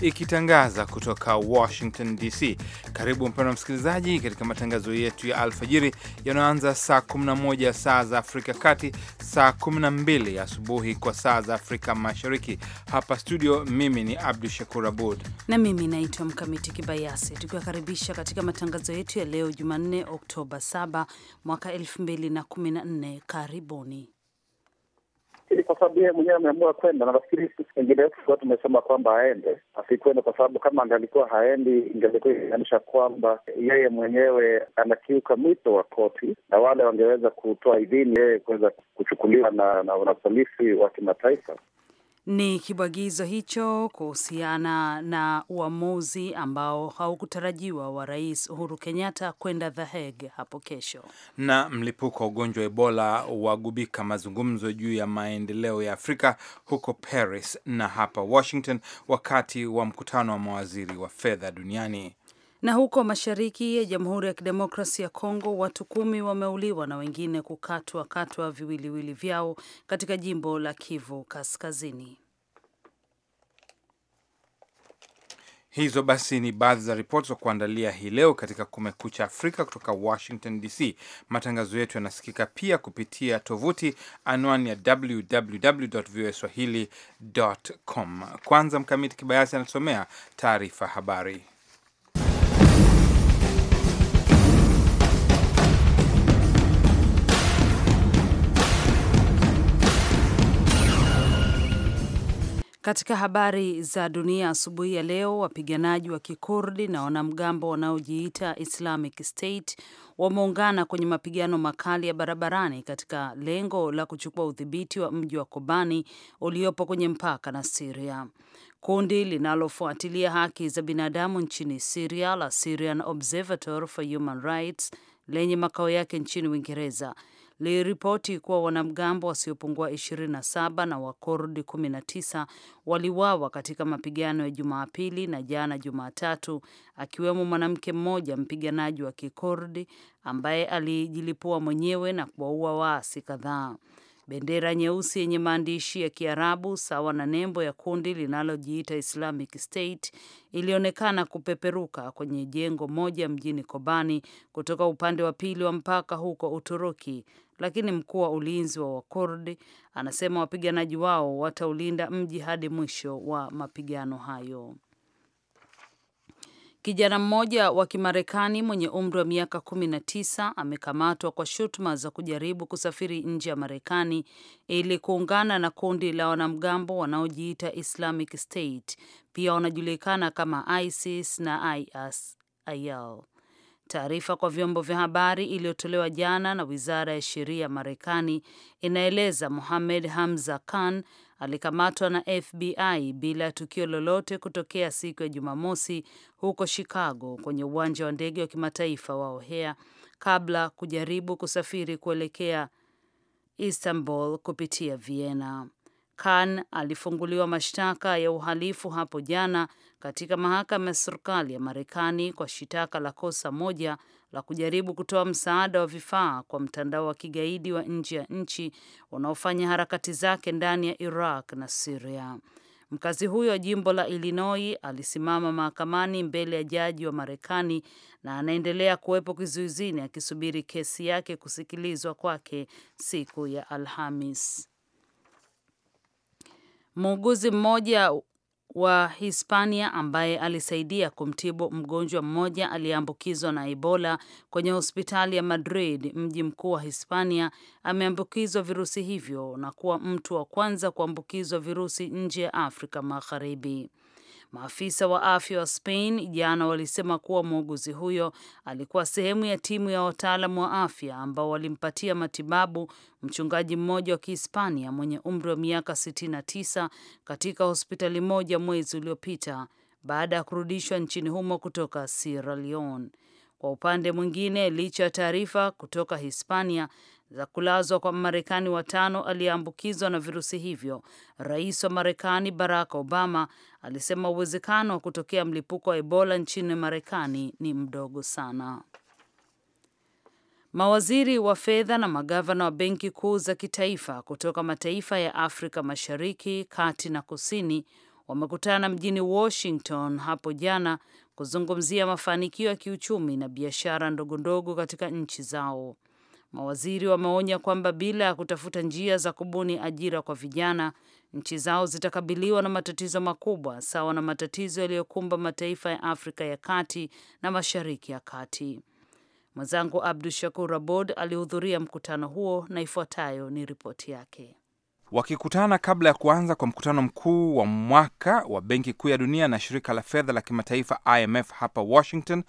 ikitangaza kutoka Washington DC. Karibu mpendwa msikilizaji, katika matangazo yetu ya alfajiri yanayoanza saa 11 saa za Afrika kati, saa 12 asubuhi kwa saa za Afrika Mashariki. Hapa studio, mimi ni Abdu Shakur Abud na mimi naitwa Mkamiti Kibayasi, tukiwakaribisha katika matangazo yetu ya leo Jumanne, Oktoba 7 mwaka 2014. Karibuni nafikiri kwa sababu yeye mwenyewe ameamua kwenda, na nafikiri ingineo tulikuwa tumesema kwamba aende, asikwenda kwa sababu kama angalikuwa haendi ingelikuwa inaonyesha kwamba yeye mwenyewe anakiuka mwito wa koti, na wale wangeweza kutoa idhini yeye kuweza kuchukuliwa na, na, na polisi wa kimataifa. Ni kibwagizo hicho kuhusiana na uamuzi ambao haukutarajiwa wa Rais Uhuru Kenyatta kwenda The Hague hapo kesho. Na mlipuko wa ugonjwa wa Ebola wagubika mazungumzo juu ya maendeleo ya Afrika huko Paris na hapa Washington wakati wa mkutano wa mawaziri wa fedha duniani. Na huko mashariki ya Jamhuri ya Kidemokrasi ya Kongo, watu kumi wameuliwa na wengine kukatwa katwa viwiliwili vyao katika jimbo la Kivu Kaskazini. Hizo basi ni baadhi za ripoti za kuandalia hii leo katika Kumekucha Afrika kutoka Washington DC. Matangazo yetu yanasikika pia kupitia tovuti anwani ya www voa swahili com. Kwanza Mkamiti Kibayasi anasomea taarifa habari. Katika habari za dunia asubuhi ya leo, wapiganaji wa Kikurdi na wanamgambo wanaojiita Islamic State wameungana kwenye mapigano makali ya barabarani katika lengo la kuchukua udhibiti wa mji wa Kobani uliopo kwenye mpaka na Siria. Kundi linalofuatilia haki za binadamu nchini Siria la Syrian Observatory for Human Rights lenye makao yake nchini Uingereza liliripoti kuwa wanamgambo wasiopungua 27 na Wakordi 19 waliwawa katika mapigano ya Jumapili na jana Jumatatu, akiwemo mwanamke mmoja mpiganaji wa kikordi ambaye alijilipua mwenyewe na kuwaua waasi kadhaa. Bendera nyeusi yenye maandishi ya Kiarabu sawa na nembo ya kundi linalojiita Islamic State ilionekana kupeperuka kwenye jengo moja mjini Kobani kutoka upande wa pili wa mpaka huko Uturuki, lakini mkuu wa ulinzi wa Wakurdi anasema wapiganaji wao wataulinda mji hadi mwisho wa mapigano hayo. Kijana mmoja wa Kimarekani mwenye umri wa miaka 19 amekamatwa kwa shutuma za kujaribu kusafiri nje ya Marekani ili kuungana na kundi la wanamgambo wanaojiita Islamic State, pia wanajulikana kama ISIS na ISIL. Taarifa kwa vyombo vya habari iliyotolewa jana na Wizara ya Sheria ya Marekani inaeleza Muhamed Hamza Khan alikamatwa na FBI bila ya tukio lolote kutokea siku ya Jumamosi huko Chicago kwenye uwanja wa ndege wa kimataifa wa O'Hare kabla kujaribu kusafiri kuelekea Istanbul kupitia Vienna. Khan alifunguliwa mashtaka ya uhalifu hapo jana katika mahakama ya serikali ya Marekani kwa shitaka la kosa moja la kujaribu kutoa msaada wa vifaa kwa mtandao wa kigaidi wa nje ya nchi unaofanya harakati zake ndani ya Iraq na Siria. Mkazi huyo wa jimbo la Illinois alisimama mahakamani mbele ya jaji wa Marekani na anaendelea kuwepo kizuizini akisubiri kesi yake kusikilizwa kwake siku ya Alhamis. Muuguzi mmoja wa Hispania ambaye alisaidia kumtibu mgonjwa mmoja aliyeambukizwa na Ebola kwenye hospitali ya Madrid, mji mkuu wa Hispania, ameambukizwa virusi hivyo na kuwa mtu wa kwanza kuambukizwa virusi nje ya Afrika Magharibi. Maafisa wa afya wa Spain jana walisema kuwa muuguzi huyo alikuwa sehemu ya timu ya wataalamu wa afya ambao walimpatia matibabu mchungaji mmoja wa Kihispania mwenye umri wa miaka 69 katika hospitali moja mwezi uliopita baada ya kurudishwa nchini humo kutoka Sierra Leone. Kwa upande mwingine, licha ya taarifa kutoka Hispania za kulazwa kwa marekani watano aliyeambukizwa na virusi hivyo, rais wa Marekani Barack Obama alisema uwezekano wa kutokea mlipuko wa Ebola nchini Marekani ni mdogo sana. Mawaziri wa fedha na magavana wa benki kuu za kitaifa kutoka mataifa ya Afrika Mashariki, Kati na Kusini wamekutana mjini Washington hapo jana kuzungumzia mafanikio ya kiuchumi na biashara ndogondogo katika nchi zao. Mawaziri wameonya kwamba bila ya kutafuta njia za kubuni ajira kwa vijana, nchi zao zitakabiliwa na matatizo makubwa sawa na matatizo yaliyokumba mataifa ya Afrika ya Kati na Mashariki ya Kati. Mwenzangu Abdu Shakur Abod alihudhuria mkutano huo na ifuatayo ni ripoti yake wakikutana kabla ya kuanza kwa mkutano mkuu wa mwaka wa Benki Kuu ya Dunia na Shirika la Fedha la Kimataifa IMF hapa Washington.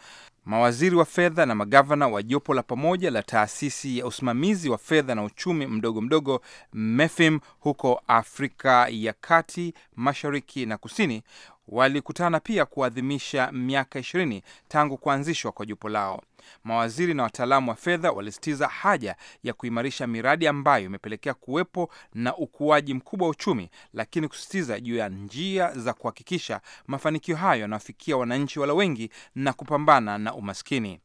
Mawaziri wa fedha na magavana wa jopo la pamoja la taasisi ya usimamizi wa fedha na uchumi mdogo mdogo MEFIM e huko Afrika ya Kati, Mashariki na Kusini Walikutana pia kuadhimisha miaka ishirini tangu kuanzishwa kwa jopo lao. Mawaziri na wataalamu wa fedha walisitiza haja ya kuimarisha miradi ambayo imepelekea kuwepo na ukuaji mkubwa wa uchumi, lakini kusisitiza juu ya njia za kuhakikisha mafanikio hayo yanawafikia wananchi walio wengi na kupambana na umaskini.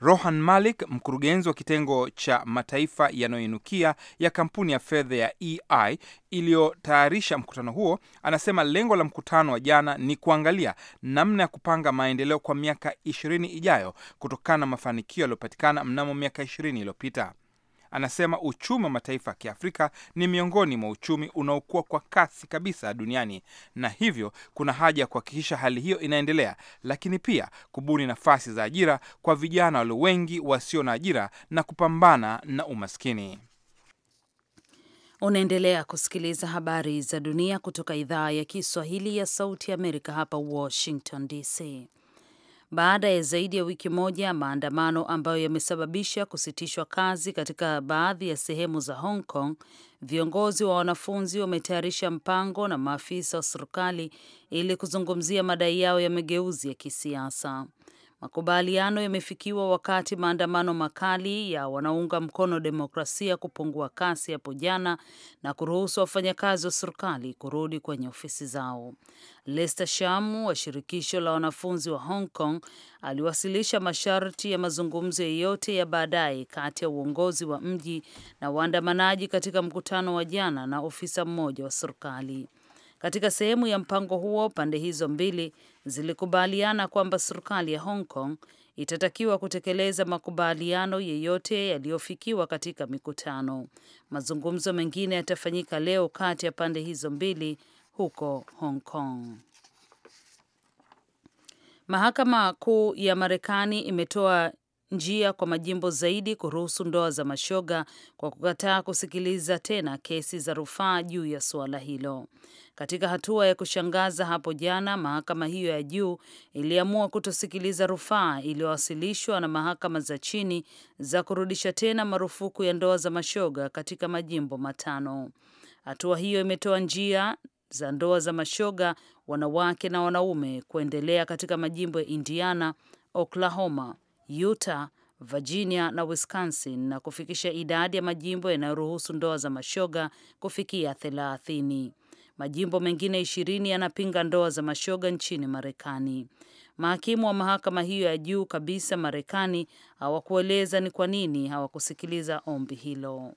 Rohan Malik, mkurugenzi wa kitengo cha mataifa yanayoinukia ya kampuni ya fedha ya EI iliyotayarisha mkutano huo, anasema lengo la mkutano wa jana ni kuangalia namna ya kupanga maendeleo kwa miaka ishirini ijayo kutokana na mafanikio yaliyopatikana mnamo miaka ishirini iliyopita anasema uchumi wa mataifa ya Kiafrika ni miongoni mwa uchumi unaokuwa kwa kasi kabisa duniani, na hivyo kuna haja ya kuhakikisha hali hiyo inaendelea, lakini pia kubuni nafasi za ajira kwa vijana walio wengi wasio na ajira na kupambana na umaskini. Unaendelea kusikiliza habari za dunia kutoka idhaa ya Kiswahili ya Sauti ya Amerika hapa Washington DC baada ya zaidi ya wiki moja maandamano ambayo yamesababisha kusitishwa kazi katika baadhi ya sehemu za Hong Kong. Viongozi wa wanafunzi wametayarisha mpango na maafisa wa serikali ili kuzungumzia madai yao ya mageuzi ya kisiasa. Makubaliano yamefikiwa wakati maandamano makali ya wanaunga mkono demokrasia kupungua kasi hapo jana na kuruhusu wafanyakazi wa serikali kurudi kwenye ofisi zao. Lester Shamu wa shirikisho la wanafunzi wa Hong Kong aliwasilisha masharti ya mazungumzo yeyote ya baadaye kati ya uongozi wa mji na waandamanaji katika mkutano wa jana na ofisa mmoja wa serikali. Katika sehemu ya mpango huo, pande hizo mbili zilikubaliana kwamba serikali ya Hong Kong itatakiwa kutekeleza makubaliano yeyote yaliyofikiwa katika mikutano. Mazungumzo mengine yatafanyika leo kati ya pande hizo mbili huko Hong Kong. Mahakama Kuu ya Marekani imetoa njia kwa majimbo zaidi kuruhusu ndoa za mashoga kwa kukataa kusikiliza tena kesi za rufaa juu ya suala hilo. Katika hatua ya kushangaza hapo jana, mahakama hiyo ya juu iliamua kutosikiliza rufaa iliyowasilishwa na mahakama za chini za kurudisha tena marufuku ya ndoa za mashoga katika majimbo matano. Hatua hiyo imetoa njia za ndoa za mashoga wanawake na wanaume kuendelea katika majimbo ya Indiana, Oklahoma, Utah, Virginia na Wisconsin na kufikisha idadi ya majimbo yanayoruhusu ndoa za mashoga kufikia thelathini. Majimbo mengine ishirini yanapinga ndoa za mashoga nchini Marekani. Mahakimu wa mahakama hiyo ya juu kabisa Marekani hawakueleza ni kwa nini hawakusikiliza ombi hilo.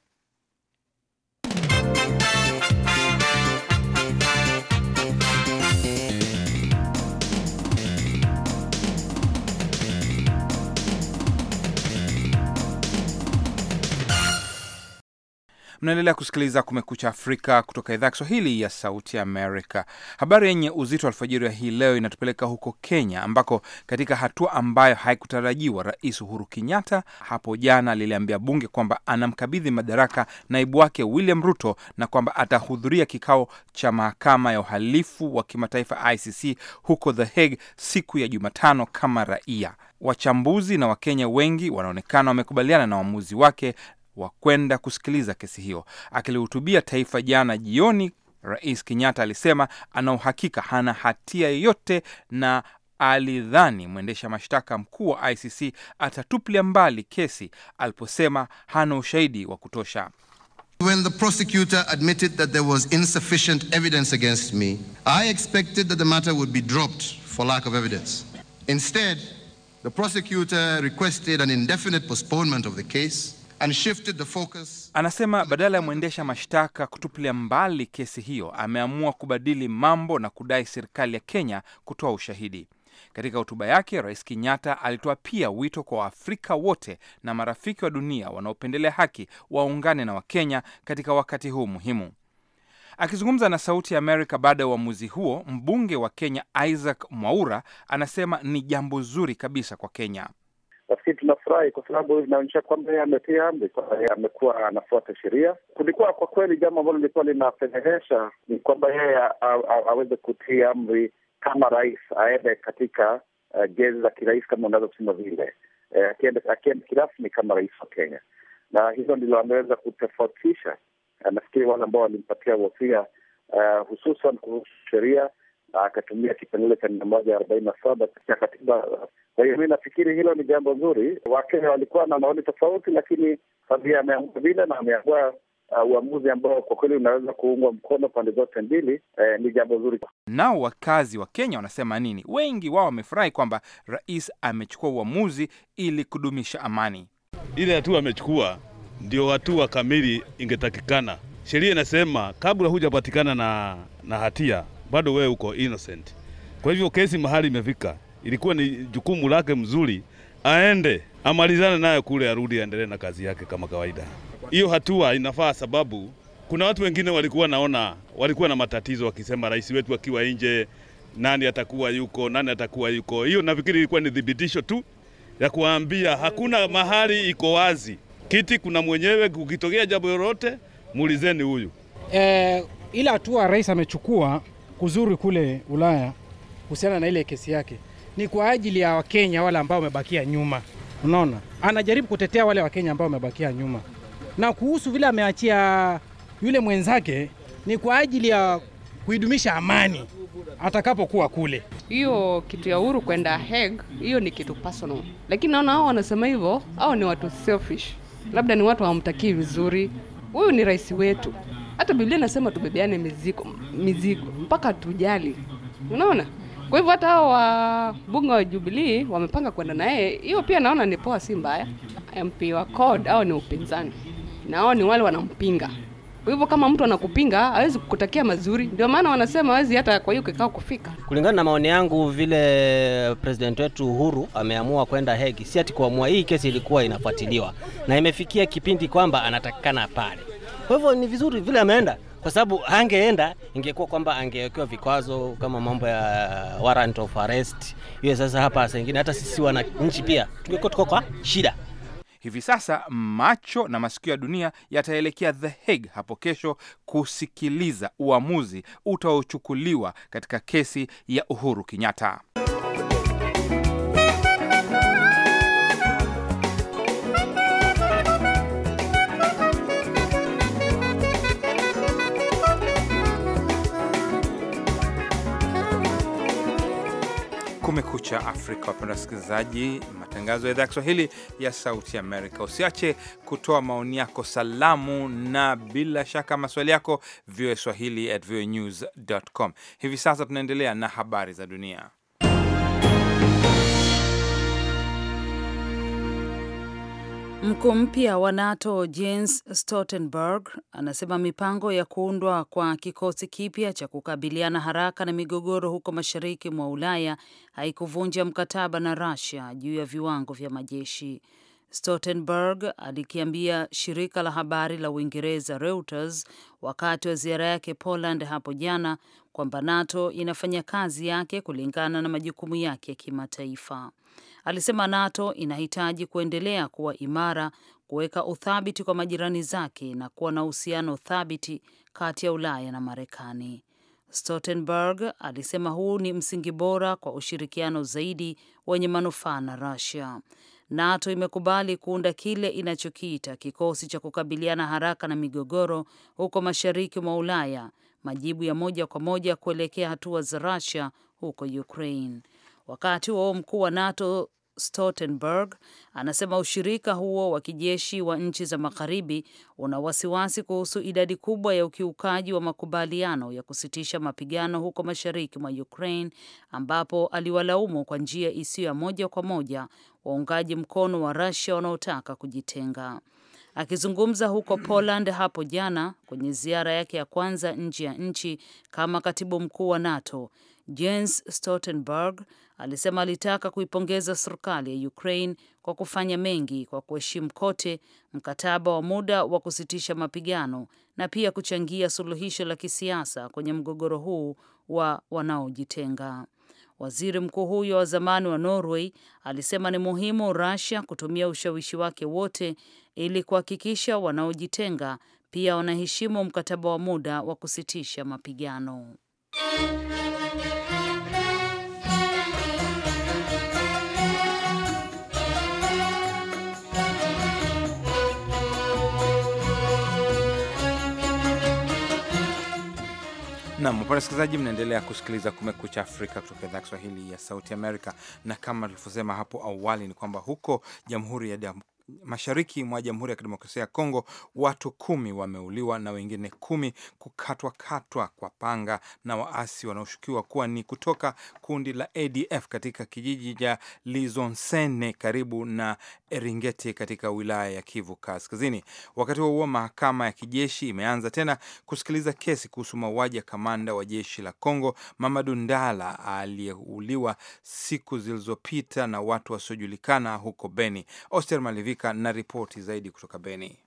Mnaendelea kusikiliza Kumekucha Afrika kutoka idhaa ya Kiswahili ya Sauti Amerika. Habari yenye uzito wa alfajiri ya hii leo inatupeleka huko Kenya, ambako katika hatua ambayo haikutarajiwa, Rais Uhuru Kenyatta hapo jana aliliambia bunge kwamba anamkabidhi madaraka naibu wake William Ruto na kwamba atahudhuria kikao cha mahakama ya uhalifu wa kimataifa ICC huko The Hague siku ya Jumatano kama raia. Wachambuzi na Wakenya wengi wanaonekana wamekubaliana na uamuzi wake wa kwenda kusikiliza kesi hiyo. Akilihutubia taifa jana jioni, Rais Kenyatta alisema ana uhakika hana hatia yoyote na alidhani mwendesha mashtaka mkuu wa ICC atatupilia mbali kesi aliposema hana ushahidi wa kutosha. When the prosecutor admitted that there was insufficient evidence against me, I expected that the matter would be dropped for lack of evidence. Instead, the prosecutor requested an indefinite postponement of the case. And shifted the focus. Anasema badala ya mwendesha mashtaka kutupilia mbali kesi hiyo, ameamua kubadili mambo na kudai serikali ya Kenya kutoa ushahidi. Katika hotuba yake, Rais Kenyatta alitoa pia wito kwa Waafrika wote na marafiki wa dunia wanaopendelea haki waungane na Wakenya katika wakati huu muhimu. Akizungumza na Sauti ya Amerika baada ya uamuzi huo, mbunge wa Kenya Isaac Mwaura anasema ni jambo zuri kabisa kwa Kenya nafikiri tunafurahi kwa sababu inaonyesha kwamba yeye ametia, amekuwa anafuata sheria. Kulikuwa kwa kweli jambo ambalo lilikuwa linafedhehesha ni kwamba yeye aweze kutia amri kama rais, aende katika uh, jezi za kirais kama unaweza kusema vile, eh, akienda kirasmi kama rais wa Kenya, na hilo ndilo ameweza kutofautisha, eh, nafikiri wale ambao walimpatia wosia, uh, hususan kuhusu sheria na akatumia kipengele cha mia moja arobaini na saba cha katiba. Kwa hiyo mi nafikiri hilo ni jambo zuri. Wakenya walikuwa na maoni tofauti, lakini Samia ameamua vile na ameamua Uh, uamuzi ambao kwa kweli unaweza kuungwa mkono pande zote mbili eh, ni jambo zuri. Nao wakazi wa Kenya wanasema nini? Wengi wao wamefurahi kwamba rais amechukua uamuzi ili kudumisha amani. Ile hatua amechukua ndio hatua kamili ingetakikana. Sheria inasema kabla hujapatikana na, na hatia bado wewe uko innocent. Kwa hivyo kesi mahali imefika, ilikuwa ni jukumu lake mzuri aende amalizane naye kule, arudi aendelee na kazi yake kama kawaida. Hiyo hatua inafaa, sababu kuna watu wengine walikuwa naona walikuwa na matatizo wakisema, rais wetu akiwa nje, nani atakuwa yuko, nani atakuwa yuko. Hiyo nafikiri ilikuwa ni thibitisho tu ya kuambia hakuna mahali iko wazi kiti, kuna mwenyewe. Kukitokea jambo lolote, muulizeni huyu. Eh, ila hatua rais amechukua kuzuru kule Ulaya kuhusiana na ile kesi yake ni kwa ajili ya Wakenya wale ambao wamebakia nyuma. Unaona, anajaribu kutetea wale Wakenya ambao wamebakia nyuma, na kuhusu vile ameachia yule mwenzake ni kwa ajili ya kuidumisha amani atakapokuwa kule. Hiyo kitu ya Uhuru kwenda Hague, hiyo ni kitu personal, lakini naona hao wanasema hivyo, hao ni watu selfish, labda ni watu hawamtakii vizuri. Huyu ni rais wetu, hata Biblia nasema tubebeane mizigo mizigo mpaka tujali, unaona. Kwa hivyo hata hao wabunge wa jubilii wamepanga kwenda na yeye, hiyo pia naona ni poa, si mbaya. MP wa CORD au ni upinzani na hao ni wale wanampinga. Kwa hivyo kama mtu anakupinga hawezi kutakia mazuri, ndio maana wanasema hawezi hata kwa hiyo kikao kufika. Kulingana na maoni yangu, vile president wetu Uhuru ameamua kwenda hegi si ati kuamua. Hii kesi ilikuwa inafuatiliwa na imefikia kipindi kwamba anatakikana pale kwa hivyo ni vizuri vile ameenda, kwa sababu angeenda ingekuwa kwamba angewekewa vikwazo kama mambo ya warrant of arrest hiyo. Sasa hapa sengine hata sisi wana nchi pia tungekuwa tuko kwa shida. Hivi sasa macho na masikio ya dunia yataelekea The Hague hapo kesho kusikiliza uamuzi utaochukuliwa katika kesi ya Uhuru Kenyatta. Kumekucha Afrika, wapenda wasikilizaji, matangazo ya idhaa ya Kiswahili ya Sauti Amerika. Usiache kutoa maoni yako, salamu na bila shaka maswali yako, voa swahili at voanews.com. Hivi sasa tunaendelea na habari za dunia. Mkuu mpya wa NATO Jens Stoltenberg anasema mipango ya kuundwa kwa kikosi kipya cha kukabiliana haraka na migogoro huko mashariki mwa Ulaya haikuvunja mkataba na Russia juu ya viwango vya majeshi. Stoltenberg alikiambia shirika la habari la Uingereza Reuters wakati wa ziara yake Poland hapo jana kwamba NATO inafanya kazi yake kulingana na majukumu yake ya kimataifa. Alisema NATO inahitaji kuendelea kuwa imara, kuweka uthabiti kwa majirani zake na kuwa na uhusiano thabiti kati ya Ulaya na Marekani. Stoltenberg alisema huu ni msingi bora kwa ushirikiano zaidi wenye manufaa na Russia. NATO imekubali kuunda kile inachokiita kikosi cha kukabiliana haraka na migogoro huko mashariki mwa Ulaya, majibu ya moja kwa moja kuelekea hatua za Russia huko Ukraine. Wakati huo mkuu wa NATO Stoltenberg anasema ushirika huo wa kijeshi wa nchi za magharibi una wasiwasi kuhusu idadi kubwa ya ukiukaji wa makubaliano ya kusitisha mapigano huko mashariki mwa Ukraine, ambapo aliwalaumu kwa njia isiyo ya moja kwa moja waungaji mkono wa Russia wanaotaka kujitenga. Akizungumza huko Poland hapo jana kwenye ziara yake ya kwanza nje ya nchi kama katibu mkuu wa NATO, Jens Stoltenberg alisema alitaka kuipongeza serikali ya Ukraine kwa kufanya mengi kwa kuheshimu kote mkataba wa muda wa kusitisha mapigano na pia kuchangia suluhisho la kisiasa kwenye mgogoro huu wa wanaojitenga. Waziri mkuu huyo wa zamani wa Norway alisema ni muhimu Russia kutumia ushawishi wake wote ili kuhakikisha wanaojitenga pia wanaheshimu mkataba wa muda wa kusitisha mapigano. Nam wapenda wasikilizaji, mnaendelea kusikiliza Kumekucha Afrika kutoka idhaa Kiswahili ya Sauti Amerika, na kama tulivyosema hapo awali ni kwamba huko Jamhuri ya mashariki mwa Jamhuri ya Kidemokrasia ya Kongo watu kumi wameuliwa na wengine kumi kukatwakatwa kwa panga na waasi wanaoshukiwa kuwa ni kutoka kundi la ADF katika kijiji cha ja Lizonsene karibu na Eringeti katika wilaya ya Kivu Kaskazini. Wakati huo huo, mahakama ya kijeshi imeanza tena kusikiliza kesi kuhusu mauaji ya kamanda wa jeshi la Kongo Mamadu Ndala aliyeuliwa siku zilizopita na watu wasiojulikana huko Beni. Oster Malivika Amerika na ripoti zaidi kutoka Beni.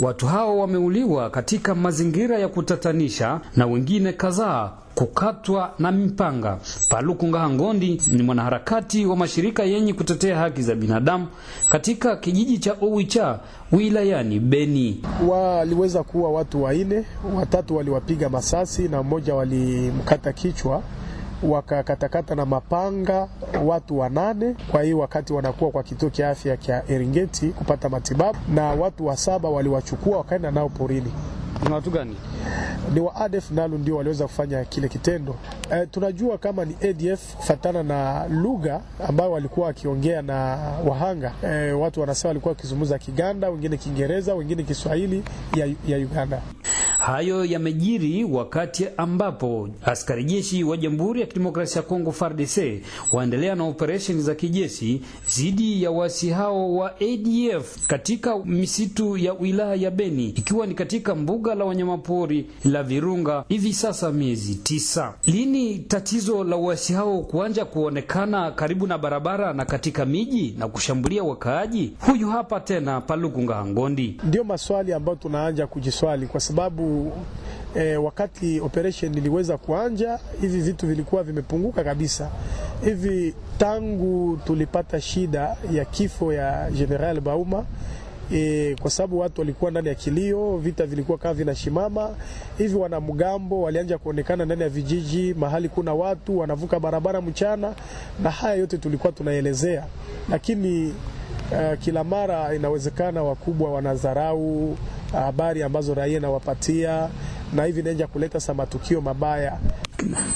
Watu hao wameuliwa katika mazingira ya kutatanisha na wengine kadhaa kukatwa na mipanga. Paluku Ngahangondi ni mwanaharakati wa mashirika yenye kutetea haki za binadamu katika kijiji cha Owicha wilayani Beni. Waliweza kuwa watu wanne, watatu waliwapiga masasi na mmoja walimkata kichwa wakakatakata na mapanga watu wanane. Kwa hiyo wakati wanakuwa kwa kituo cha afya cha Eringeti kupata matibabu, na watu wa saba waliwachukua wakaenda nao porini. Ni watu gani? Ni wa ADF nalo ndio waliweza kufanya kile kitendo. E, tunajua kama ni ADF kufatana na lugha ambayo walikuwa wakiongea na wahanga. E, watu wanasema walikuwa wakizungumza Kiganda, wengine Kiingereza, wengine Kiswahili ya, ya Uganda. Hayo yamejiri wakati ambapo askari jeshi wa Jamhuri ya Kidemokrasia ya Kongo FARDC waendelea na operesheni za kijeshi dhidi ya waasi hao wa ADF katika misitu ya wilaya ya Beni, ikiwa ni katika mbuga la wanyamapori la Virunga hivi sasa miezi tisa. Lini tatizo la waasi hao kuanja kuonekana karibu na barabara na katika miji na kushambulia wakaaji? Huyu hapa tena Paluku Ngondi. ndio maswali ambayo tunaanza kujiswali kwa sababu eh, wakati operation iliweza kuanja hivi vitu vilikuwa vimepunguka kabisa. Hivi tangu tulipata shida ya kifo ya General Bauma e, kwa sababu watu walikuwa ndani ya kilio, vita vilikuwa kama vinashimama hivi. Wanamgambo walianja kuonekana ndani ya vijiji, mahali kuna watu wanavuka barabara mchana, na haya yote tulikuwa tunaelezea, lakini uh, kila mara inawezekana wakubwa wanadharau eh, habari ambazo raia inawapatia na hivi inaenja kuleta sa matukio mabaya.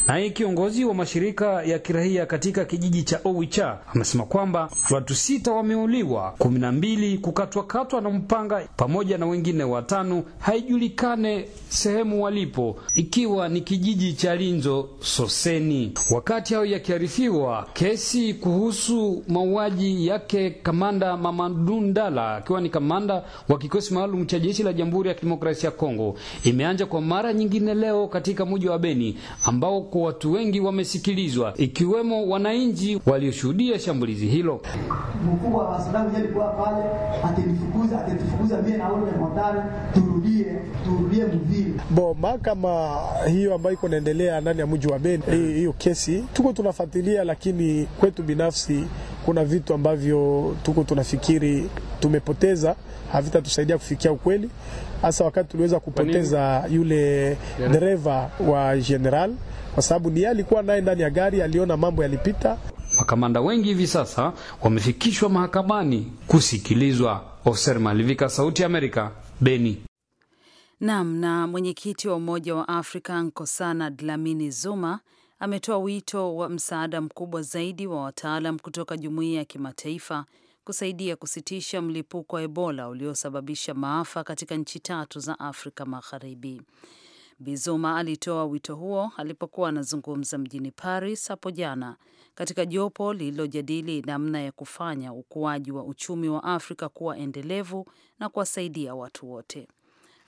Naye kiongozi wa mashirika ya kiraia katika kijiji cha Owicha amesema kwamba watu sita wameuliwa, kumi na mbili kukatwakatwa na mpanga pamoja na wengine watano haijulikane sehemu walipo, ikiwa ni kijiji cha Linzo Soseni. Wakati hayo yakiarifiwa, kesi kuhusu mauaji yake kamanda mamadundala akiwa ni kamanda wa kikosi maalum cha jeshi la Jamhuri ya Kidemokrasia ya Kongo imeanza kwa mara nyingine leo katika mji wa Beni ambao kwa watu wengi wamesikilizwa, ikiwemo wananchi walioshuhudia shambulizi hilo. Mkubwa wa Waislamu alikuwa pale, akinifukuza akinifukuza mie na ule motari, turudie turudie mvili bo. Mahakama hiyo ambayo iko naendelea ndani ya mji wa Beni, hiyo kesi tuko tunafuatilia, lakini kwetu binafsi kuna vitu ambavyo tuko tunafikiri tumepoteza, havitatusaidia kufikia ukweli hasa wakati tuliweza kupoteza yule dereva wa general, kwa sababu ni alikuwa naye ndani ya gari, aliona mambo yalipita. Makamanda wengi hivi sasa wamefikishwa mahakamani kusikilizwa. Oser Malivika, Sauti ya Amerika, Beni. Naam, na mwenyekiti wa Umoja wa Afrika Nkosana Dlamini Zuma ametoa wito wa msaada mkubwa zaidi wa wataalam kutoka jumuiya ya kimataifa kusaidia kusitisha mlipuko wa Ebola uliosababisha maafa katika nchi tatu za Afrika Magharibi. Bizuma alitoa wito huo alipokuwa anazungumza mjini Paris hapo jana katika jopo lililojadili namna ya kufanya ukuaji wa uchumi wa Afrika kuwa endelevu na kuwasaidia watu wote.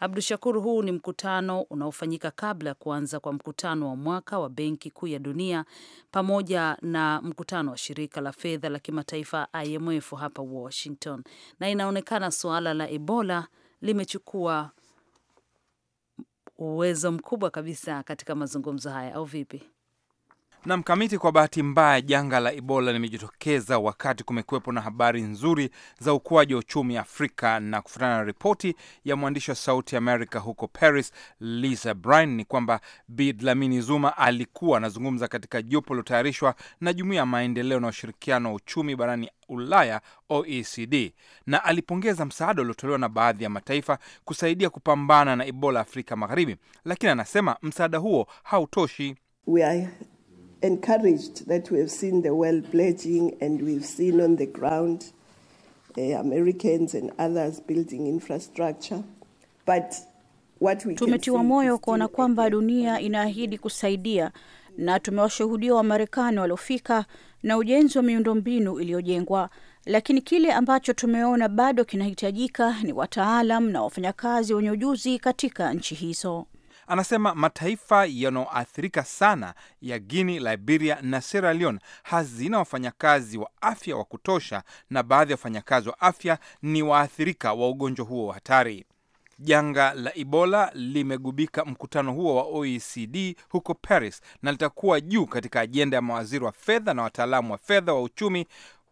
Abdu Shakur, huu ni mkutano unaofanyika kabla ya kuanza kwa mkutano wa mwaka wa Benki Kuu ya Dunia pamoja na mkutano wa shirika la fedha la kimataifa IMF hapa Washington, na inaonekana suala la Ebola limechukua uwezo mkubwa kabisa katika mazungumzo haya, au vipi? na mkamiti. Kwa bahati mbaya, janga la Ebola limejitokeza wakati kumekuwepo na habari nzuri za ukuaji wa uchumi Afrika, na kufuatana na ripoti ya mwandishi wa Sauti america huko Paris, Lisa Bryant, ni kwamba Bi Dlamini Zuma alikuwa anazungumza katika jopo lilotayarishwa na Jumuiya ya Maendeleo na Ushirikiano wa Uchumi barani Ulaya, OECD, na alipongeza msaada uliotolewa na baadhi ya mataifa kusaidia kupambana na Ebola Afrika Magharibi, lakini anasema msaada huo hautoshi. We are encouraged that we have seen the world pledging and we've seen on the ground uh, Americans and others building infrastructure. But what we tumetiwa moyo kuona kwamba dunia inaahidi kusaidia na tumewashuhudia Wamarekani waliofika na ujenzi wa miundombinu iliyojengwa, lakini kile ambacho tumeona bado kinahitajika ni wataalam na wafanyakazi wenye ujuzi katika nchi hizo. Anasema mataifa yanayoathirika sana ya guini Liberia na Sierra Leone hazina wafanyakazi wa afya wa kutosha, na baadhi ya wafanyakazi wa afya ni waathirika wa ugonjwa huo wa hatari. Janga la Ebola limegubika mkutano huo wa OECD huko Paris na litakuwa juu katika ajenda ya mawaziri wa fedha na wataalamu wa fedha wa uchumi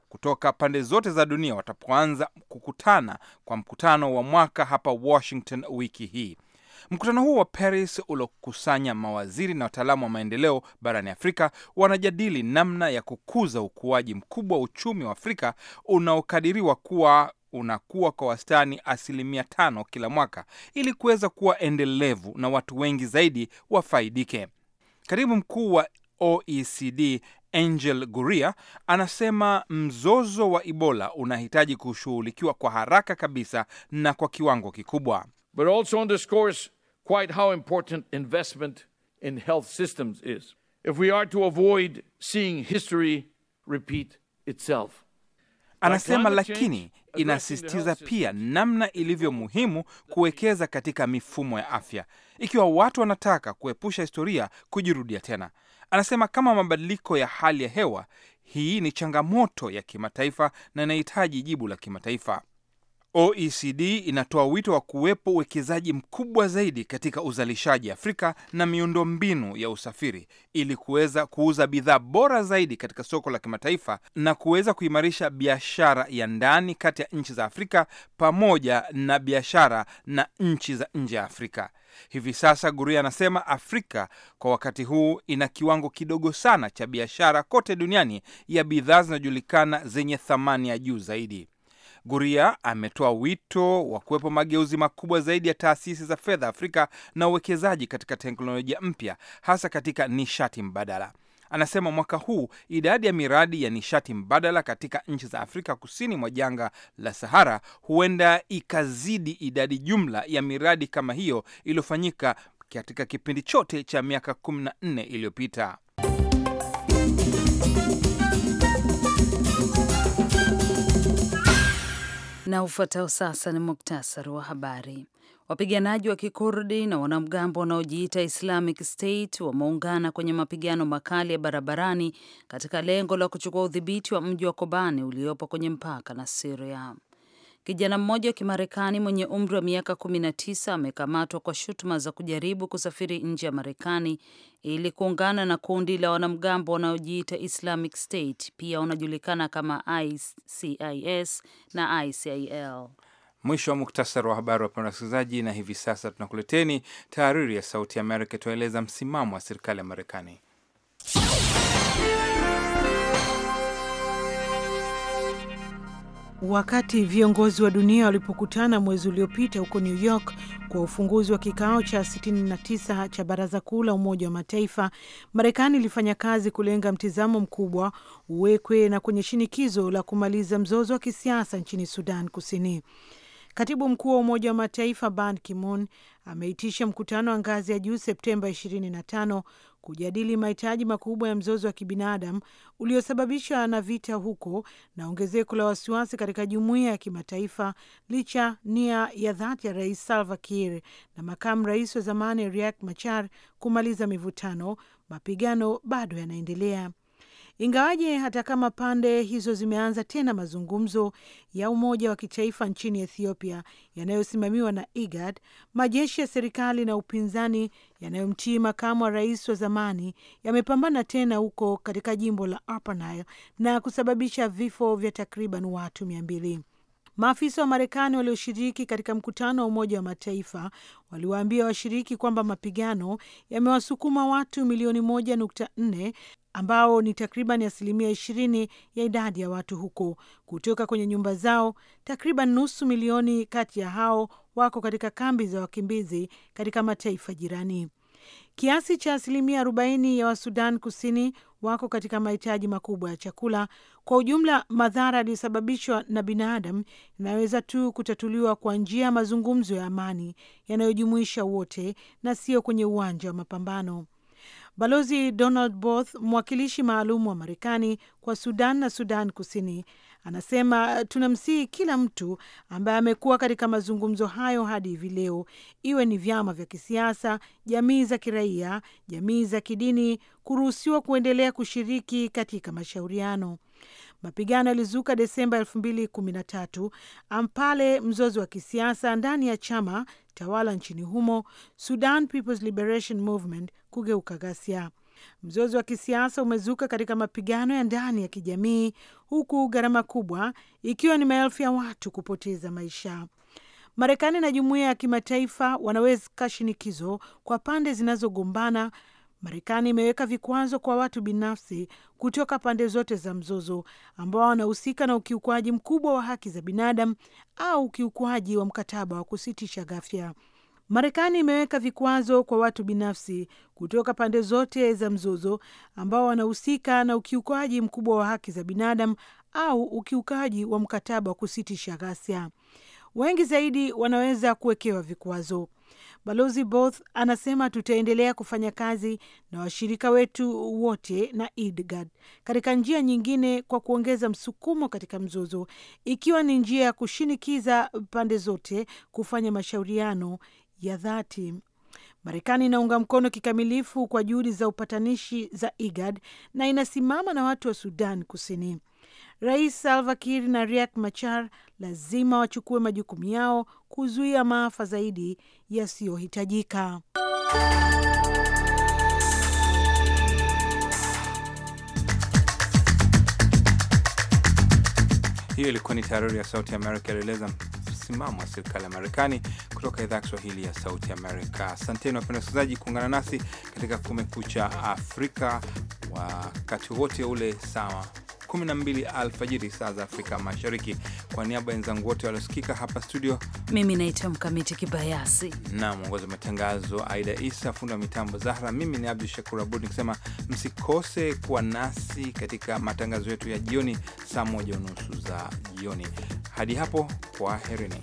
kutoka pande zote za dunia watapoanza kukutana kwa mkutano wa mwaka hapa Washington wiki hii. Mkutano huu wa Paris uliokusanya mawaziri na wataalamu wa maendeleo barani Afrika wanajadili namna ya kukuza ukuaji mkubwa wa uchumi wa Afrika unaokadiriwa kuwa unakuwa kwa wastani asilimia tano kila mwaka ili kuweza kuwa endelevu na watu wengi zaidi wafaidike. Katibu mkuu wa OECD Angel Guria anasema mzozo wa Ebola unahitaji kushughulikiwa kwa haraka kabisa na kwa kiwango kikubwa. But also underscores quite how important investment in health systems is if we are to avoid seeing history repeat itself. Anasema lakini inasisitiza pia namna ilivyo muhimu kuwekeza katika mifumo ya afya ikiwa watu wanataka kuepusha historia kujirudia tena. Anasema kama mabadiliko ya hali ya hewa, hii ni changamoto ya kimataifa na inahitaji jibu la kimataifa. OECD inatoa wito wa kuwepo uwekezaji mkubwa zaidi katika uzalishaji Afrika na miundo mbinu ya usafiri ili kuweza kuuza bidhaa bora zaidi katika soko la kimataifa na kuweza kuimarisha biashara ya ndani kati ya nchi za Afrika pamoja na biashara na nchi za nje ya Afrika. Hivi sasa Guria anasema Afrika kwa wakati huu ina kiwango kidogo sana cha biashara kote duniani ya bidhaa zinazojulikana zenye thamani ya juu zaidi. Guria ametoa wito wa kuwepo mageuzi makubwa zaidi ya taasisi za fedha Afrika na uwekezaji katika teknolojia mpya, hasa katika nishati mbadala. Anasema mwaka huu idadi ya miradi ya nishati mbadala katika nchi za Afrika kusini mwa jangwa la Sahara huenda ikazidi idadi jumla ya miradi kama hiyo iliyofanyika katika kipindi chote cha miaka 14 iliyopita. Na ufuatao sasa ni muktasari wa habari. Wapiganaji wa Kikurdi na wanamgambo wanaojiita Islamic State wameungana kwenye mapigano makali ya barabarani katika lengo la kuchukua udhibiti wa mji wa Kobani uliopo kwenye mpaka na Siria. Kijana mmoja wa Kimarekani mwenye umri wa miaka 19 amekamatwa kwa shutuma za kujaribu kusafiri nje ya Marekani ili kuungana na kundi la wanamgambo wanaojiita Islamic State, pia wanajulikana kama ICIS na ICIL. Mwisho wa muktasari wa habari, wapenda wasikilizaji, na hivi sasa tunakuleteni tahariri ya Sauti ya Amerika itaeleza msimamo wa serikali ya Marekani. Wakati viongozi wa dunia walipokutana mwezi uliopita huko New York kwa ufunguzi wa kikao cha 69 cha Baraza Kuu la Umoja wa Mataifa, Marekani ilifanya kazi kulenga mtizamo mkubwa uwekwe na kwenye shinikizo la kumaliza mzozo wa kisiasa nchini Sudan Kusini. Katibu mkuu wa Umoja wa Mataifa Ban Ki-moon ameitisha mkutano wa ngazi ya juu Septemba 25 kujadili mahitaji makubwa ya mzozo wa kibinadamu uliosababishwa na vita huko na ongezeko la wasiwasi katika jumuiya ya kimataifa, licha nia ya dhati ya Rais Salva Kiir na makamu rais wa zamani Riek Machar kumaliza mivutano, mapigano bado yanaendelea. Ingawaje hata kama pande hizo zimeanza tena mazungumzo ya umoja wa kitaifa nchini Ethiopia yanayosimamiwa na IGAD, majeshi ya serikali na upinzani yanayomtii makamu wa rais wa zamani yamepambana tena huko katika jimbo la Upper Nile na kusababisha vifo vya takriban watu mia mbili. Maafisa wa Marekani walioshiriki katika mkutano wa Umoja wa Mataifa waliwaambia washiriki kwamba mapigano yamewasukuma watu milioni moja nukta nne ambao ni takriban asilimia ishirini ya idadi ya watu huko kutoka kwenye nyumba zao. Takriban nusu milioni kati ya hao wako katika kambi za wakimbizi katika mataifa jirani. Kiasi cha asilimia arobaini ya Wasudan Kusini wako katika mahitaji makubwa ya chakula. Kwa ujumla, madhara yaliyosababishwa na binadamu yanaweza tu kutatuliwa kwa njia ya mazungumzo ya amani yanayojumuisha wote na sio kwenye uwanja wa mapambano. Balozi Donald Both, mwakilishi maalum wa Marekani kwa Sudan na Sudan Kusini, anasema tunamsihi kila mtu ambaye amekuwa katika mazungumzo hayo hadi hivi leo, iwe ni vyama vya kisiasa, jamii za kiraia, jamii za kidini, kuruhusiwa kuendelea kushiriki katika mashauriano. Mapigano yalizuka Desemba 2013 ampale mzozo wa kisiasa ndani ya chama tawala nchini humo Sudan People's Liberation Movement kugeuka ghasia. Mzozo wa kisiasa umezuka katika mapigano ya ndani ya kijamii, huku gharama kubwa ikiwa ni maelfu ya watu kupoteza maisha. Marekani na jumuiya ya kimataifa wanaweka shinikizo kwa pande zinazogombana Marekani imeweka vikwazo kwa watu binafsi kutoka pande zote za mzozo ambao wanahusika na ukiukwaji mkubwa wa haki za binadamu au ukiukwaji wa mkataba wa kusitisha ghasia. Marekani imeweka vikwazo kwa watu binafsi kutoka pande zote za mzozo ambao wanahusika na ukiukwaji mkubwa wa haki za binadamu au ukiukaji wa mkataba wa kusitisha ghasia. Wengi zaidi wanaweza kuwekewa vikwazo. Balozi Both anasema tutaendelea kufanya kazi na washirika wetu wote na IDGAD katika njia nyingine kwa kuongeza msukumo katika mzozo, ikiwa ni njia ya kushinikiza pande zote kufanya mashauriano ya dhati. Marekani inaunga mkono kikamilifu kwa juhudi za upatanishi za IGAD na inasimama na watu wa Sudan Kusini. Rais Salva Kiir na Riek Machar lazima wachukue majukumu yao kuzuia maafa zaidi yasiyohitajika. Hiyo ilikuwa ni tahariri ya Sauti Amerika ilieleza msimamo wa serikali ya Marekani kutoka idhaa ya Kiswahili ya Sauti Amerika. Asanteni wapenda wasikilizaji kuungana nasi katika Kumekucha Afrika wakati wote ule sawa 12 alfajiri saa za Afrika Mashariki. Kwa niaba ya wenzangu wote waliosikika hapa studio, mimi naitwa Mkamiti Kibayasi na mwongozi wa matangazo Aida Isa, fundi wa mitambo Zahra, mimi ni Abdu Shakur Abud nikisema msikose kuwa nasi katika matangazo yetu ya jioni saa moja unusu za jioni. Hadi hapo, kwaherini.